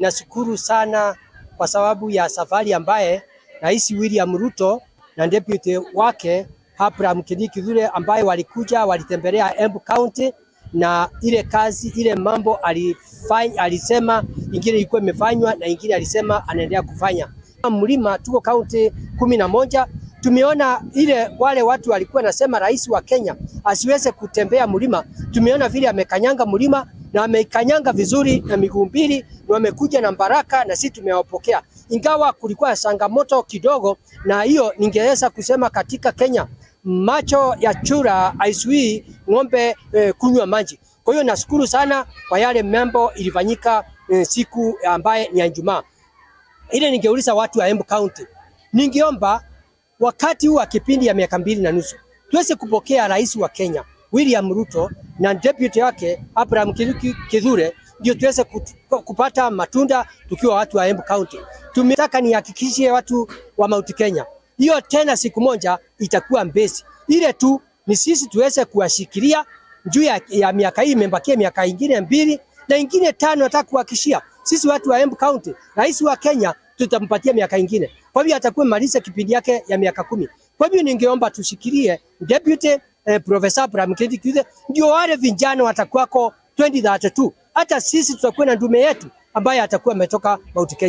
nashukuru sana kwa sababu ya safari ambaye Rais William Ruto na deputy wake Abraham Kindiki ambaye walikuja walitembelea Embu County na ile kazi ile mambo alifanya, alisema ingine ilikuwa imefanywa na ingine alisema anaendelea kufanya. Mlima tuko kaunti kumi na moja. Tumeona ile wale watu walikuwa nasema rais wa Kenya asiweze kutembea mlima, tumeona vile amekanyanga mlima na amekanyanga vizuri na miguu mbili, na wamekuja na baraka, na sisi tumewapokea, ingawa kulikuwa changamoto kidogo, na hiyo ningeweza kusema katika Kenya macho ya chura aisuii ng'ombe eh, kunywa maji. Kwa hiyo nashukuru sana kwa yale mambo ilifanyika eh, siku ambaye ni ya Ijumaa ile. Ningeuliza watu wa Embu County, ningeomba wakati huu wa kipindi ya miaka mbili na nusu tuweze kupokea rais wa Kenya William Ruto na deputy wake Abraham Kidhure ndio tuweze kupata matunda tukiwa watu wa Embu County. Tumetaka nihakikishie watu wa Mount Kenya, hiyo tena siku moja itakuwa mbesi, Ile tu ni sisi tuweze kuwashikilia juu ya, ya miaka hii, imebakia miaka ingine mbili na ingine tano. Nataka kuhakikishia sisi watu wa Embu County, rais wa Kenya tutampatia miaka ingine, kwa hivyo atakuwa maliza kipindi yake ya miaka kumi. Kwa hivyo ningeomba tushikilie deputy eh, Profesa Paramagnetic Youth ndio wale vijana watakuwako 2032. Hata sisi tutakuwa na ndume yetu ambaye atakuwa ametoka Mount Kenya.